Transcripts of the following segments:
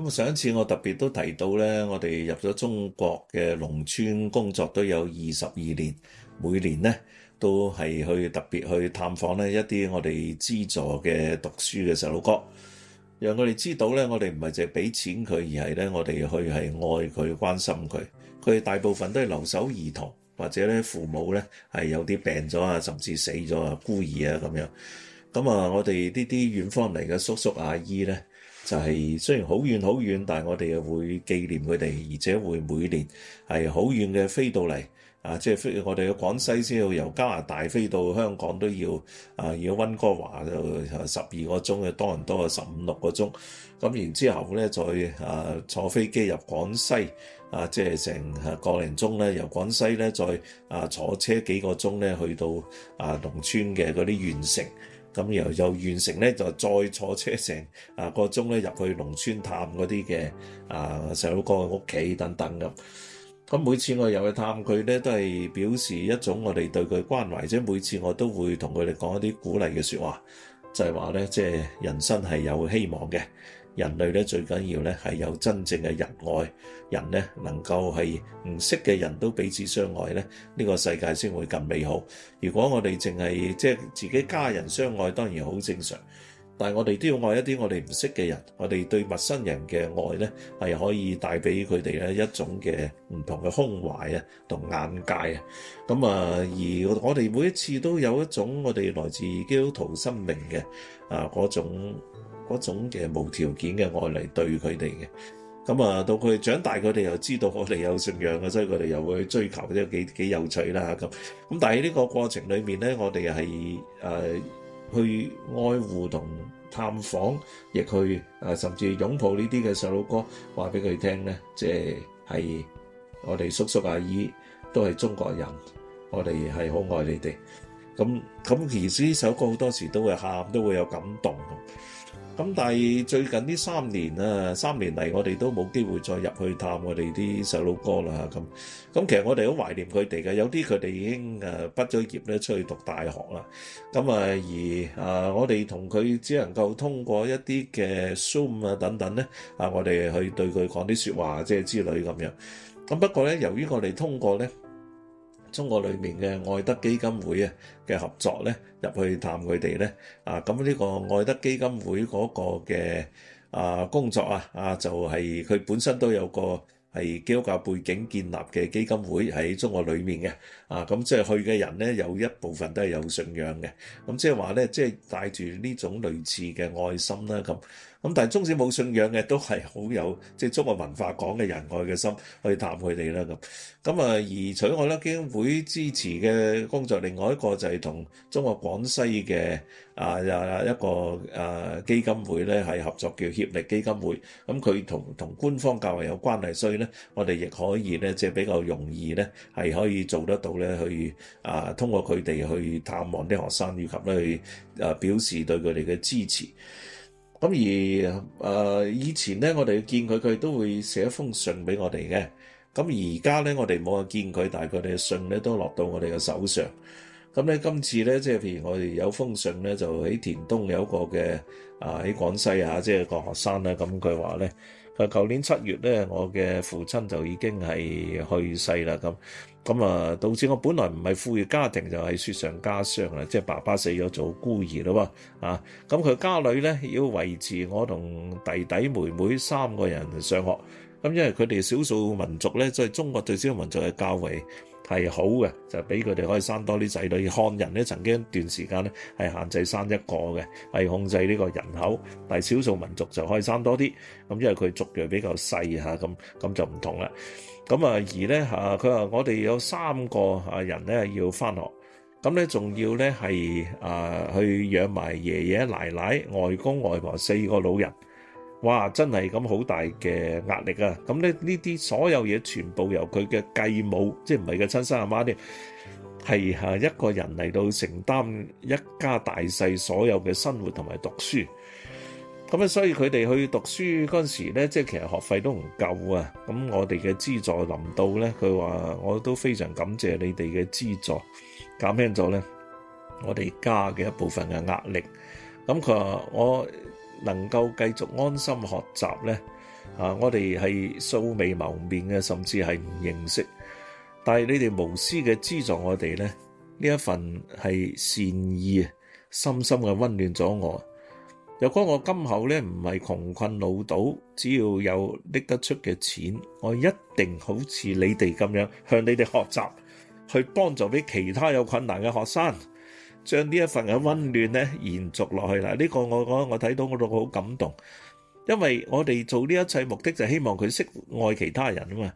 咁上一次我特別都提到咧，我哋入咗中國嘅農村工作都有二十二年，每年咧都係去特別去探訪咧一啲我哋資助嘅讀書嘅細路哥，讓佢哋知道咧，我哋唔係淨係俾錢佢，而係咧我哋去係愛佢、關心佢。佢大部分都係留守兒童，或者咧父母咧係有啲病咗啊，甚至死咗啊、孤兒啊咁樣咁啊，我哋呢啲遠方嚟嘅叔叔阿姨咧。就係、是、雖然好遠好遠，但係我哋又會紀念佢哋，而且會每年係好遠嘅飛到嚟啊！即、就、係、是、飛我哋嘅廣西之後，先要由加拿大飛到香港都要啊，如果溫哥華就十二個鐘嘅，多倫多就十五六個鐘。咁然之後咧，再啊坐飛機入廣西啊，即係成個零鐘咧，由廣西咧再啊坐車幾個鐘咧，去到啊農村嘅嗰啲縣城。咁然後又完成咧，就再坐車成啊個鐘咧入去農村探嗰啲嘅啊細佬哥嘅屋企等等咁。咁每次我入去探佢咧，都係表示一種我哋對佢關懷，即每次我都會同佢哋講一啲鼓勵嘅說話，就係話咧，即係人生係有希望嘅。人類咧最緊要咧係有真正嘅仁愛，人咧能夠係唔識嘅人都彼此相愛咧，呢個世界先會更美好。如果我哋淨係即係自己家人相愛，當然好正常。但係我哋都要愛一啲我哋唔識嘅人，我哋對陌生人嘅愛咧係可以帶俾佢哋咧一種嘅唔同嘅胸懷啊同眼界啊。咁啊，而我哋每一次都有一種我哋來自基督徒生命嘅啊嗰種。嗰種嘅無條件嘅愛嚟對佢哋嘅咁啊，到佢哋長大，佢哋又知道我哋有信仰啊，所以佢哋又會去追求，即係幾幾有趣啦。咁咁，但係呢個過程裏面呢，我哋係誒去愛護同探訪，亦去啊，甚至擁抱呢啲嘅細路哥，話俾佢聽呢，即係我哋叔叔阿姨都係中國人，我哋係好愛你哋。咁咁，其實呢首歌好多時都會喊，都會有感動。咁但係最近呢三年啊，三年嚟我哋都冇機會再入去探我哋啲細佬哥啦咁。咁其實我哋好懷念佢哋嘅，有啲佢哋已經誒畢咗業咧，出去讀大學啦。咁啊而啊，我哋同佢只能夠通過一啲嘅 Zoom 啊等等咧啊，我哋去對佢講啲說話即係之類咁樣。咁不過咧，由於我哋通過咧。中國裏面嘅愛德基金會啊嘅合作咧，入去探佢哋咧啊。咁呢個愛德基金會嗰個嘅啊工作啊，啊就係佢本身都有個。係基督教背景建立嘅基金會喺中國裡面嘅，啊咁即係去嘅人咧有一部分都係有信仰嘅，咁即係話咧即係帶住呢、就是、帶着這種類似嘅愛心啦咁，咁但係即使冇信仰嘅都係好有即係、就是、中國文化講嘅仁愛嘅心去探佢哋啦咁，咁啊而除咗我咧基金會支持嘅工作，另外一個就係同中國廣西嘅。啊！一個誒基金會咧，係合作叫協力基金會。咁佢同同官方教會有關係，所以咧，我哋亦可以咧，即係比較容易咧，係可以做得到咧，去啊通過佢哋去探望啲學生，以及咧去誒表示對佢哋嘅支持。咁而誒以前咧，我哋見佢佢都會寫一封信俾我哋嘅。咁而家咧，我哋冇見佢，但係佢哋嘅信咧都落到我哋嘅手上。咁咧，今次咧，即係譬如我哋有封信咧，就喺田東有一個嘅啊，喺廣西啊，即係個學生啦。咁佢話咧，佢舊年七月咧，我嘅父親就已經係去世啦。咁咁啊，導致我本來唔係富裕家庭，就係雪上加霜啦。即係爸爸死咗做孤兒啦啊，咁佢家裏咧要維持我同弟弟妹妹三個人上學。咁因為佢哋少數民族咧，即係中國最少民族嘅教委。係好嘅，就俾佢哋可以生多啲仔女。漢人咧曾經段時間咧係限制生一個嘅，係控制呢個人口。但係少數民族就可以生多啲，咁因為佢族裔比較細嚇，咁咁就唔同啦。咁啊，而咧佢話我哋有三個啊人咧要翻學，咁咧仲要咧係啊去養埋爺爺奶奶、外公外婆四個老人。哇！真係咁好大嘅壓力啊！咁咧呢啲所有嘢全部由佢嘅繼母，即係唔係嘅親生阿媽啲，係一個人嚟到承擔一家大細所有嘅生活同埋讀書。咁啊，所以佢哋去讀書嗰陣時咧，即係其實學費都唔夠啊！咁我哋嘅資助臨到咧，佢話我都非常感謝你哋嘅資助，減輕咗咧我哋家嘅一部分嘅壓力。咁佢話我，能夠繼續安心學習呢，啊！我哋係素未謀面嘅，甚至係唔認識，但係你哋無私嘅資助我哋呢，呢一份係善意，深深嘅温暖咗我。若果我今後呢唔係窮困潦倒，只要有拎得出嘅錢，我一定好似你哋咁樣向你哋學習，去幫助畀其他有困難嘅學生。將呢一份嘅温暖咧延續落去嗱，呢個我講我睇到我都好感動，因為我哋做呢一切目的就希望佢識愛其他人啊嘛。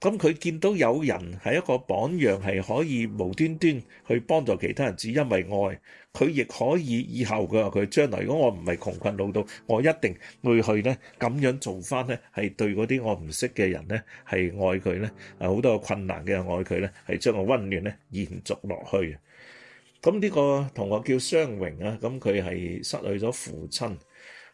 咁佢見到有人係一個榜樣，係可以無端端去幫助其他人，只因為愛，佢亦可以以後佢話佢將來如果我唔係窮困老到，我一定會去咧咁樣做翻咧，係對嗰啲我唔識嘅人咧係愛佢咧，啊好多困難嘅愛佢咧，係將個温暖咧延續落去。咁呢個同學叫雙榮啊，咁佢係失去咗父親，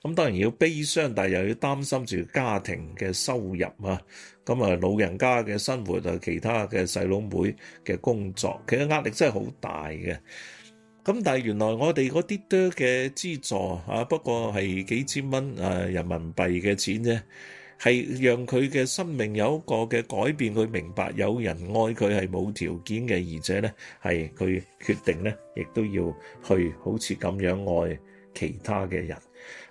咁當然要悲傷，但又要擔心住家庭嘅收入啊，咁啊老人家嘅生活同其他嘅細佬妹嘅工作，其實壓力真係好大嘅。咁但係原來我哋嗰啲多嘅資助啊，不過係幾千蚊人民幣嘅錢啫。係讓佢嘅生命有一個嘅改變，佢明白有人愛佢係冇條件嘅，而且呢，係佢決定呢亦都要去好似咁樣愛其他嘅人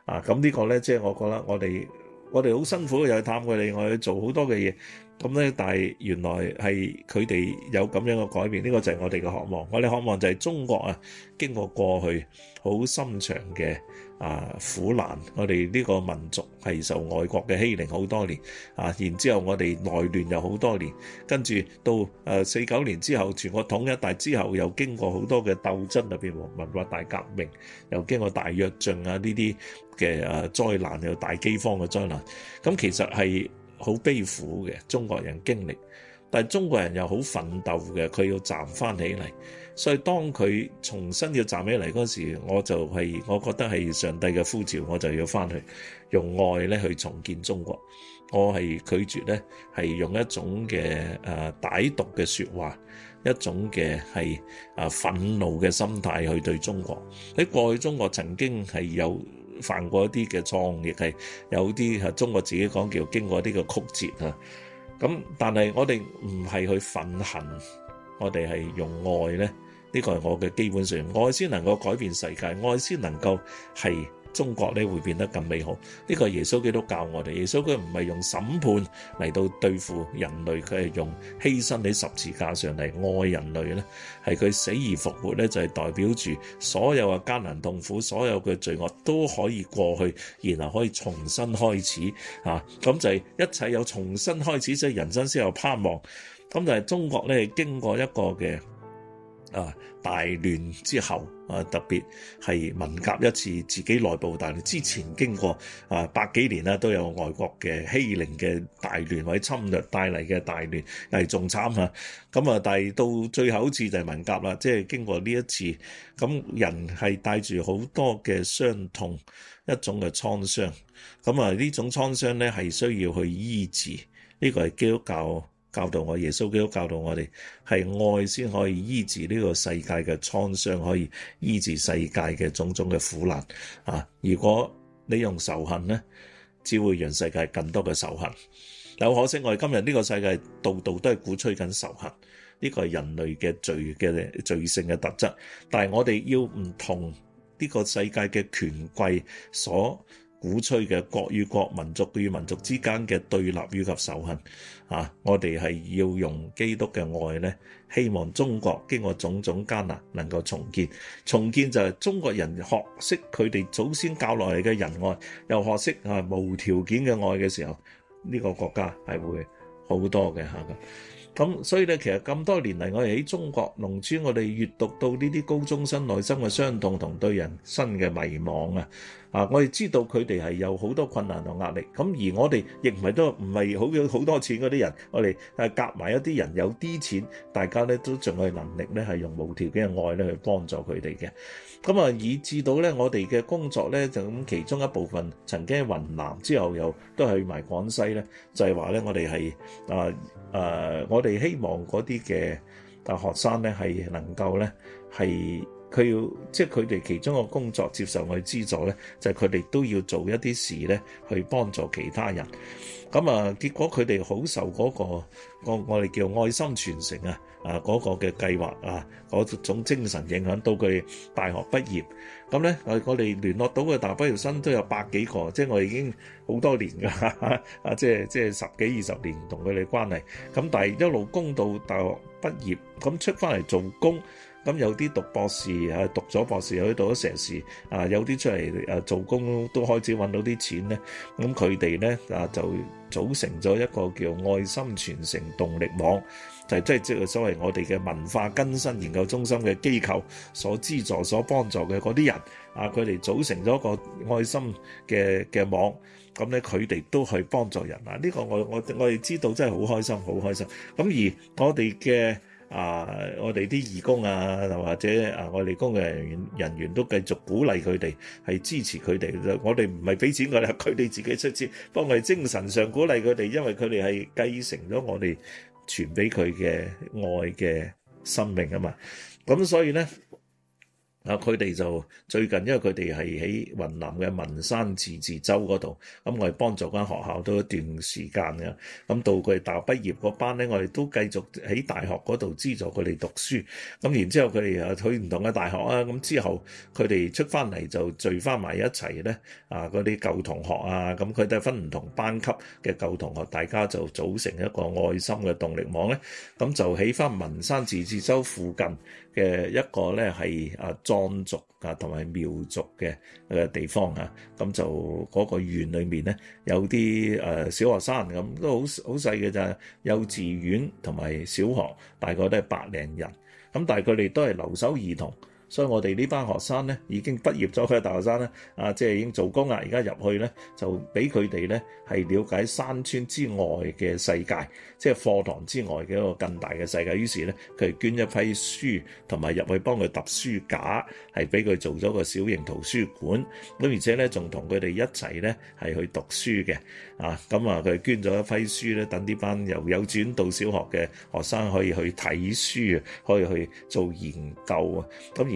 啊！咁呢個呢，即係我覺得我哋我哋好辛苦嘅，又去探佢哋，我哋去做好多嘅嘢。咁咧，但係原來係佢哋有咁樣嘅改變，呢個就係我哋嘅渴望。我哋渴望就係中國啊，經過過去好深長嘅啊苦難，我哋呢個民族係受外國嘅欺凌好多年啊，然之後我哋內亂又好多年，跟住到誒四九年之後，全國統一大之後，又經過好多嘅鬥爭入邊，文化大革命又經過大躍進啊呢啲嘅誒災難，又大饑荒嘅災難，咁其實係。好悲苦嘅中國人經歷，但係中國人又好奮鬥嘅，佢要站翻起嚟。所以當佢重新要站起嚟嗰時，我就係、是、我覺得係上帝嘅呼召，我就要翻去用愛咧去重建中國。我係拒絕咧，係用一種嘅誒、呃、歹毒嘅說話，一種嘅係啊憤怒嘅心態去對中國。喺過去中國曾經係有。犯過一啲嘅錯誤，亦係有啲係中國自己講叫經過一啲嘅曲折啊。咁但係我哋唔係去憤恨，我哋係用愛咧。呢個係我嘅基本上，愛先能夠改變世界，愛先能夠係。中國咧會變得更美好，呢個耶穌基督教我哋，耶穌佢唔係用審判嚟到對付人類，佢係用犧牲喺十字架上嚟愛人類咧，係佢死而復活咧就係代表住所有嘅艱難痛苦，所有嘅罪惡都可以過去，然後可以重新開始啊！咁就係一切有重新開始，即係人生先有盼望。咁就係中國咧經過一個嘅。啊！大亂之後啊，特別係文革一次自己內部大亂之前經過啊，百幾年啦都有外國嘅欺凌嘅大亂或者侵略帶嚟嘅大亂，係仲慘啊！咁啊，但係到最後一次就係文革啦，即係經過呢一次，咁人係帶住好多嘅傷痛一種嘅創傷，咁啊呢種創傷咧係需要去醫治，呢、這個係基督教。教導我，耶穌基督教導我哋，係愛先可以醫治呢個世界嘅創傷，可以醫治世界嘅種種嘅苦難。啊，如果你用仇恨呢，只會讓世界更多嘅仇恨。但可惜，我哋今日呢個世界度度都係鼓吹緊仇恨，呢個係人類嘅罪嘅罪性嘅特質。但係我哋要唔同呢個世界嘅權貴所。鼓吹嘅國與國、民族與民族之間嘅對立與及仇恨，啊！我哋係要用基督嘅愛呢，希望中國經過種種艱難能夠重建。重建就係中國人學識佢哋祖先教落嚟嘅仁愛，又學識啊無條件嘅愛嘅時候，呢個國家係會好多嘅。咁所以咧，其實咁多年嚟，我哋喺中國農村，我哋閱讀到呢啲高中生內心嘅傷痛同對人生嘅迷惘啊！啊！我哋知道佢哋係有好多困難同壓力，咁而我哋亦唔係都唔係好有好多錢嗰啲人，我哋誒夾埋一啲人有啲錢，大家咧都盡佢能力咧係用無條件嘅愛咧去幫助佢哋嘅。咁啊，以至到咧我哋嘅工作咧就咁，其中一部分曾經喺雲南之後又都去埋廣西咧，就係話咧我哋係啊誒我哋希望嗰啲嘅大學生咧係能夠咧係。佢要即係佢哋其中個工作接受我哋資助咧，就係佢哋都要做一啲事咧，去幫助其他人。咁啊，結果佢哋好受嗰個個我哋叫愛心傳承啊啊嗰個嘅計劃啊嗰種精神影響到佢大學畢業。咁咧，我我哋聯絡到嘅大學畢業生都有百幾個，即係我已經好多年噶啊即係即係十幾二十年同佢哋關係。咁但係一路供到大學畢業，咁出翻嚟做工。咁有啲讀博士啊，讀咗博士有啲讀咗碩士啊，有啲出嚟誒做工都開始揾到啲錢咧。咁佢哋咧啊，就組成咗一個叫愛心傳承動力網，就即係即係所謂我哋嘅文化更新研究中心嘅機構所資助、所幫助、所幫助嘅嗰啲人啊，佢哋組成咗個愛心嘅嘅網。咁咧，佢哋都去幫助人啊！呢、這個我我我哋知道真係好開心，好開心。咁而我哋嘅啊！我哋啲義工啊，或者啊，我哋工作人員人員都繼續鼓勵佢哋，係支持佢哋。我哋唔係俾錢佢哋，佢哋自己出錢，不過我哋精神上鼓勵佢哋，因為佢哋係繼承咗我哋傳俾佢嘅愛嘅生命啊嘛。咁所以咧。啊！佢哋就最近，因為佢哋係喺雲南嘅文山自治州嗰度，咁我哋幫助間學校都一段時間嘅。咁到佢哋大學畢業嗰班咧，我哋都繼續喺大學嗰度資助佢哋讀書。咁然之後佢哋去唔同嘅大學啊，咁之後佢哋出翻嚟就聚翻埋一齊咧。啊，嗰啲舊同學啊，咁佢哋分唔同班級嘅舊同學，大家就組成一個愛心嘅動力網咧。咁就喺翻文山自治州附近。嘅一個咧係啊壯族啊同埋苗族嘅嘅地方啊，咁就嗰個縣裏面咧有啲誒小學生，咁都好好細嘅咋，幼稚園同埋小學大概都係百零人，咁但係佢哋都係留守兒童。所以我哋呢班學生咧已經畢業咗，佢嘅大學生咧啊，即係已經做工啦，而家入去咧就俾佢哋咧係了解山村之外嘅世界，即係課堂之外嘅一個更大嘅世界。於是咧，佢哋捐一批書，同埋入去幫佢揼書架，係俾佢做咗個小型圖書館。咁而且咧，仲同佢哋一齊咧係去讀書嘅。啊，咁啊，佢捐咗一批書咧，等呢班由幼稚園到小學嘅學生可以去睇書啊，可以去做研究啊。咁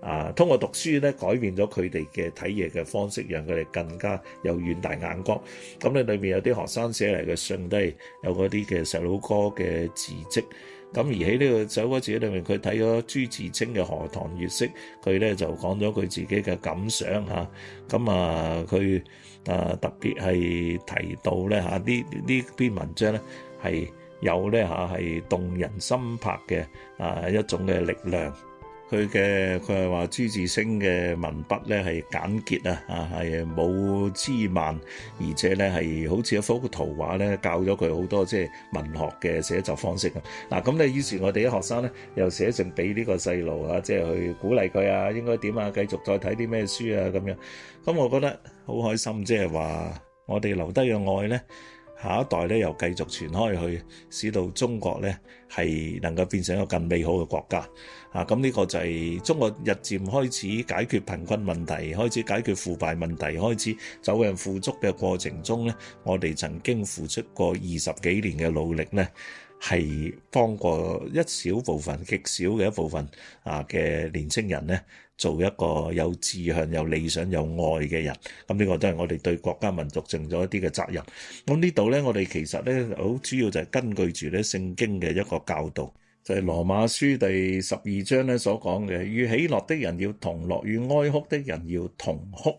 啊！通過讀書咧，改變咗佢哋嘅睇嘢嘅方式，讓佢哋更加有遠大眼光。咁你裏面有啲學生寫嚟嘅信都係有嗰啲嘅細佬哥嘅字跡。咁而喺呢個細佬哥字裏面，佢睇咗朱自清嘅《荷塘月色》，佢咧就講咗佢自己嘅感想咁啊，佢啊，啊特別係提到咧呢呢篇文章咧係有咧係、啊、動人心魄嘅啊一種嘅力量。佢嘅佢係話朱自清嘅文筆咧係簡潔啊，啊係冇枝蔓，而且咧係好似一幅圖畫咧，教咗佢好多即係文學嘅寫作方式咁。嗱咁咧，於是我哋啲學生咧又寫信俾呢個細路啊，即係去鼓勵佢啊，應該點啊，繼續再睇啲咩書啊咁樣。咁我覺得好開心，即係話我哋留低嘅愛咧。下一代咧又繼續傳開去，使到中國咧係能夠變成一個更美好嘅國家。啊，咁、這、呢個就係中國日漸開始解決貧困問題、開始解決腐敗問題、開始走向富足嘅過程中咧，我哋曾經付出過二十幾年嘅努力咧。係幫過一小部分極少嘅一部分啊嘅年青人咧，做一個有志向、有理想、有愛嘅人。咁呢個都係我哋對國家民族盡咗一啲嘅責任。咁呢度咧，我哋其實咧好主要就係根據住咧聖經嘅一個教導，就係《羅馬書》第十二章咧所講嘅，與喜樂的人要同樂，與哀哭的人要同哭。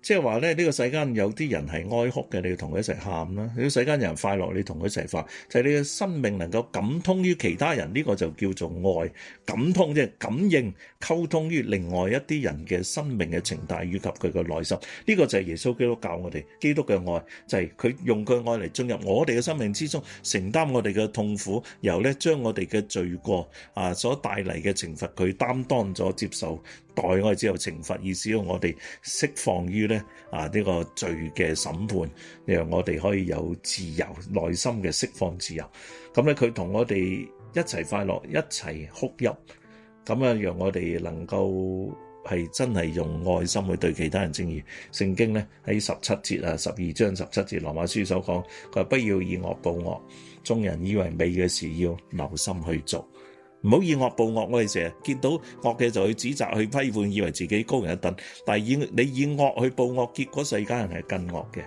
即係話咧，呢個世間有啲人係哀哭嘅，你要同佢一齊喊啦，你個世間人快樂，你同佢一齊快。就係你嘅生命能夠感通於其他人，呢個就叫做愛感通，即係感應、溝通於另外一啲人嘅生命嘅情態以及佢嘅內心。呢個就係耶穌基督教我哋，基督嘅愛就係佢用佢愛嚟進入我哋嘅生命之中，承擔我哋嘅痛苦，然後咧將我哋嘅罪過啊所帶嚟嘅懲罰，佢擔當咗接受。代我們之後懲罰，而只要我哋釋放於咧啊呢、呢個罪嘅審判，讓我哋可以有自由、內心嘅釋放自由。咁咧佢同我哋一齊快樂，一齊哭泣。咁啊，讓我哋能夠係真係用愛心去對其他人正義。聖經咧喺十七節啊，十二章十七節羅馬書所講，佢話，不要以惡報惡，眾人以為美嘅事要留心去做。唔好以惡報惡，我哋成日見到惡嘅就去指責、去批判，以為自己高人一等。但係以你以惡去報惡，結果世間人係更惡嘅。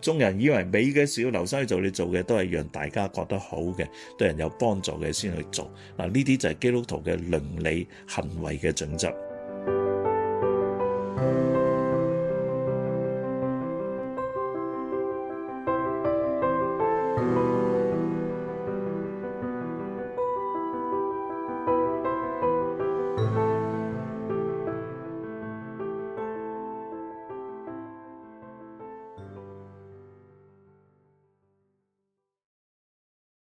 眾人以為美嘅事，要留心去做，你做嘅都係讓大家覺得好嘅，對人有幫助嘅先去做。嗱，呢啲就係基督徒嘅倫理行為嘅準則。